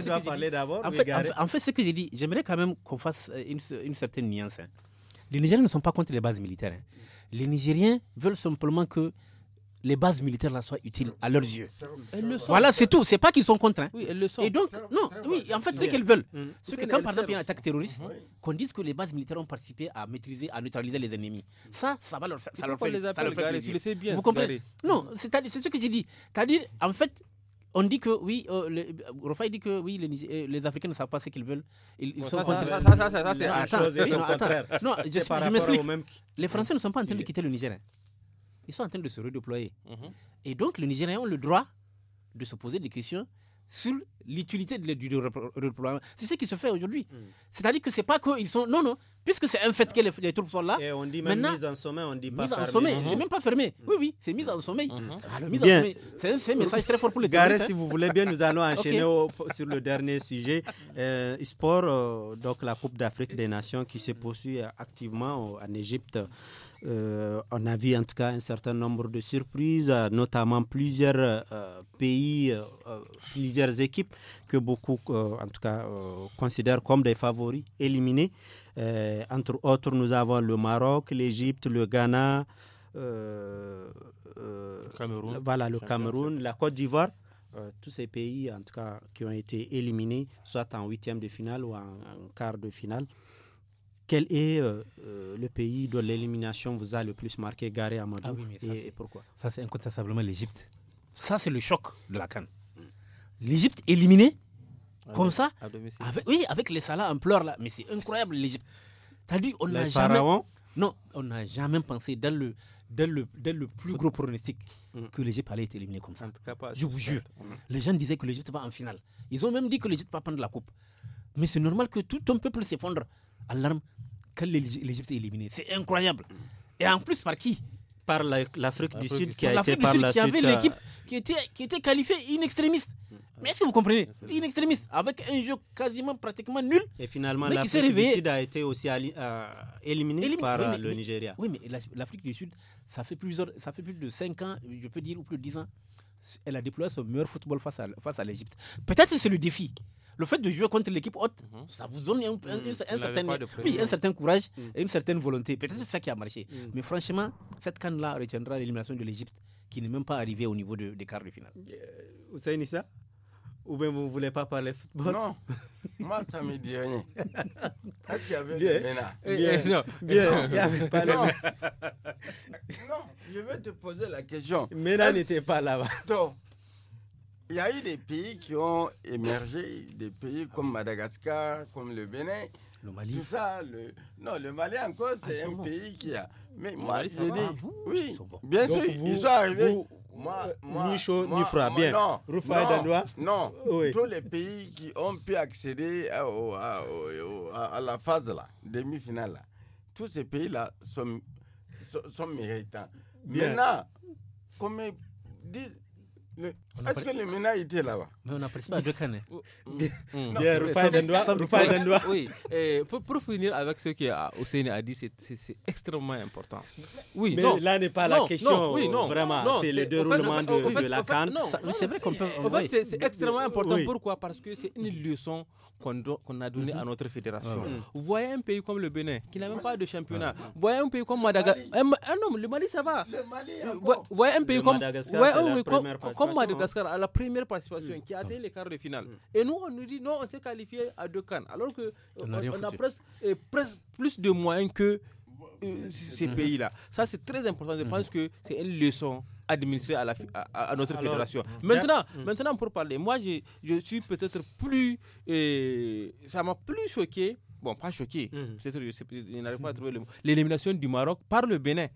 doit parler d'abord. En, fait, en, fait, ce que j'ai dit, j'aimerais quand même qu'on fasse euh, une, une certaine les Nigériens ne sont pas contre les bases militaires. Hein. Les Nigériens veulent simplement que les bases militaires soient utiles à leurs yeux. voilà, c'est tout. C'est pas qu'ils sont contre. Hein. et donc, non, oui, en fait, ce qu'elles veulent, mmh. c'est que quand par exemple il y a une attaque terroriste, qu'on dise que les bases militaires ont participé à maîtriser, à neutraliser les ennemis. Ça, ça va leur, ça plaisir. Vous comprenez Non, c'est ce que j'ai dit. C'est-à-dire, en fait, on dit que oui, euh, euh, dit que oui, euh, les, Africains ne savent pas ce qu'ils veulent. Ils, sont contre... ça, ça, Non, je, m'explique. Les Français ne sont pas en train de quitter le Nigerien. Hein. Ils sont en train de se redéployer. Mhm. Et donc, les Nigériens ont le droit de se poser des questions sur l'utilité du redéploiement. C'est ce qui se fait aujourd'hui. Hmm. C'est-à-dire que ce n'est pas qu'ils sont. Non, non. Puisque c'est un fait que les, troupes sont là. Et on dit même mise en sommeil, on dit pas mise en mhm. C'est même pas fermé. Hmm. Oui, oui, c'est mise en sommeil. Hmm. Ah, c'est un, message très fort pour les Garé, hein. si vous voulez bien, nous allons (laughs) enchaîner sur le dernier sujet. Euh, esport, sport, euh, donc la Coupe d'Afrique des Nations qui se poursuit euh, activement en Égypte. on a vu en tout cas un certain nombre de surprises, notamment plusieurs pays, plusieurs équipes que beaucoup, euh, en tout cas, euh, considèrent comme des favoris éliminés. Euh, entre autres, nous avons le Maroc, l'Égypte, le Ghana, le Cameroun, la, voilà, le Cameroun, la Côte d'Ivoire. tous ces pays, en tout cas, qui ont été éliminés, soit en huitième de finale ou en, quart de finale. Quel est le pays dont l'élimination vous a le plus marqué, Garé à ah et, pourquoi Ça, c'est incontestablement l'Égypte. Ça, c'est le choc de la Cannes l'Égypte éliminée comme ça, oui, avec les salas en pleurs là, mais c'est incroyable l'Égypte. T'as dit, on n'a jamais, non, on n'a jamais pensé dans le, le, plus gros pronostic mm. que l'Égypte allait être éliminée comme ça. je vous jure, mm. les gens disaient que l'Égypte va en finale. Ils ont même dit que l'Égypte va prendre la coupe. Mais c'est normal que tout un peuple s'effondre à l'arme que l'Égypte est éliminée. C'est incroyable. Mm. Et en plus, par qui Par l'Afrique du Sud qui a été par la Qui avait euh, l'équipe qui était, qui était qualifiée inextrémiste. Euh, mais est-ce que vous comprenez Une extrémiste avec un jeu quasiment pratiquement nul. Et finalement, l'Afrique du Sud a été aussi euh, éliminée par euh, le Nigeria. Oui, mais l'Afrique du Sud, ça fait, plusieurs, ça fait plus de 5 ans, je peux dire, ou plus de 10 ans, elle a déployé son meilleur football face à, face l'Égypte. Peut-être que c'est le défi. Le fait de jouer contre l'équipe haute, mhm. ça vous donne un, mm, certain, courage mm. et une certaine volonté. Peut-être que c'est ça qui a marché. Mm. Mais franchement, cette canne-là retiendra l'élimination de l'Égypte qui n'est même pas arrivée au niveau des quarts de finale. Vous savez, ou bien vous ne voulez pas parler football Non, moi ça me dit rien. Est-ce qu'il y avait Mena Bien, eh, eh, non. il avait pas non. non, je vais te poser la question. Mena n'était pas là-bas. Donc, il y a eu des pays qui ont émergé, des pays comme Madagascar, comme le Bénin. Le Mali. Tout ça, non, le Mali encore, ah, c'est un pays qui a. Mais moi, ah oui, bien sûr, ils sont arrivés. Moi, ni chaud, ni froid. Bien. Non, non, non. Tous les pays qui ont pu accéder à, la phase là, demi-finale, là, tous ces pays-là sont, méritants. Maintenant, comme est-ce que le ménage était là-bas Mais on n'apprécie pas Oui, eh, pour, finir avec ce que ah, a dit, c'est extrêmement important. Oui, Mais là n'est pas la question, vraiment, c'est le déroulement de, de, la canne. C'est vrai qu'on peut... En fait, c'est extrêmement important. Pourquoi Parce que c'est une leçon qu'on a donnée mm-hmm. à notre fédération. Vous voyez un pays comme le Bénin, qui n'a même pas de championnat. Vous voyez un pays comme Madagascar... Ah non, le Mali, ça va. Vous voyez un pays comme... Madagascar, c'est la première Madagascar, à la première participation, hmm. qui a atteint les quarts de finale. Hmm. Et nous, on nous dit non, on s'est qualifié à deux cannes, alors que on, a, presque, plus de moyens que euh, ces hmm. pays-là. Ça, c'est très important. Je pense que c'est une leçon administrée à, à, notre fédération. Maintenant, maintenant, pour parler, moi, je, suis peut-être plus... ça m'a plus choqué. Bon, pas choqué. Peut-être, je, je n'arrive pas à trouver le mot. L'élimination du Maroc par le Bénin.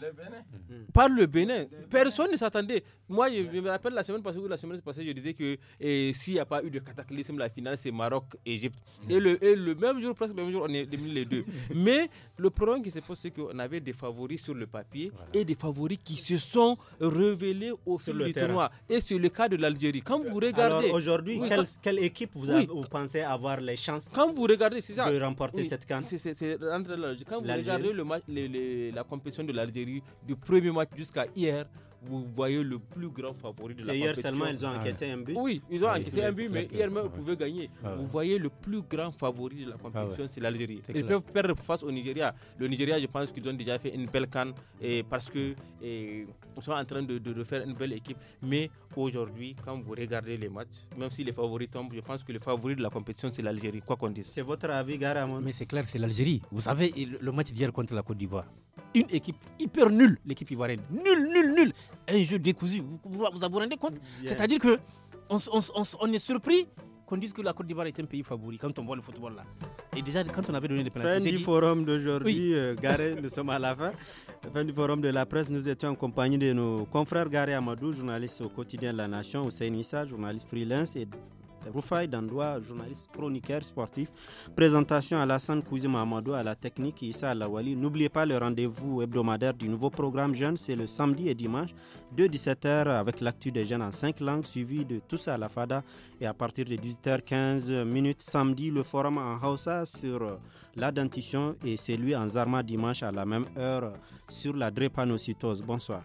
Le Bénin. Mhm. Par le Bénin. Personne ne s'attendait. Moi, je, me rappelle la semaine passée, la semaine passée, je disais que eh, s'il n'y a pas eu de cataclysme, la finale, c'est Maroc-Égypte. et, le, le même jour, presque le même jour, on est les deux. (laughs) Mais le problème qui se pose, c'est qu'on avait des favoris sur le papier et des favoris qui se sont révélés au fil du terrain. tournoi. Et c'est le cas de l'Algérie. Quand vous regardez. aujourd'hui, quelle, équipe vous, vous, pensez avoir les chances quand vous regardez, ça. de remporter cette canne Quand vous regardez le la compétition de l'Algérie, du premier match jusqu'à hier, vous voyez le plus grand favori de la compétition. hier seulement, ils ont encaissé ah. un but. Oui, ils ont ah, encaissé un but, mais hier même, ils pouvaient gagner. Ah vous voyez le plus grand favori de la compétition, c'est l'Algérie. Ils peuvent perdre face au Nigeria. Le Nigeria, je pense qu'ils ont déjà fait une belle canne et parce qu'ils sont en train de, de, faire une belle équipe. Mais aujourd'hui, quand vous regardez les matchs, même si les favoris tombent, je pense que le favori de la compétition, c'est l'Algérie, quoi qu'on dise. C'est votre avis, Garamon Mais c'est clair, c'est l'Algérie. Vous savez, le match d'hier contre la Côte d'Ivoire une équipe hyper nulle, l'équipe ivoirienne. Nul, nul, nul. Un jeu décousu. Vous vous, rendez compte C'est-à-dire que on, est surpris qu'on dise que la Côte d'Ivoire est un pays favori quand on voit le football là. Et déjà, quand on avait donné les pénalités. Fin du forum d'aujourd'hui, oui. Euh, Garé, (laughs) nous sommes à la fin. Fin du forum de la presse, nous étions en compagnie de nos confrères Garé Amadou, journaliste au quotidien de La Nation, au Issa, journaliste freelance, et Roufaï Dandoua, journaliste chroniqueur sportif. Présentation à la sainte Kouzi Mamadou à la technique Issa Alawali. N'oubliez pas le rendez-vous hebdomadaire du nouveau programme Jeunes, c'est le samedi et dimanche de 17h avec l'actu des jeunes en 5 langues suivi de tous à la FADA et à partir de 18h15 minutes samedi le forum en Hausa sur la dentition et celui en Zarma dimanche à la même heure sur la drépanocytose. Bonsoir.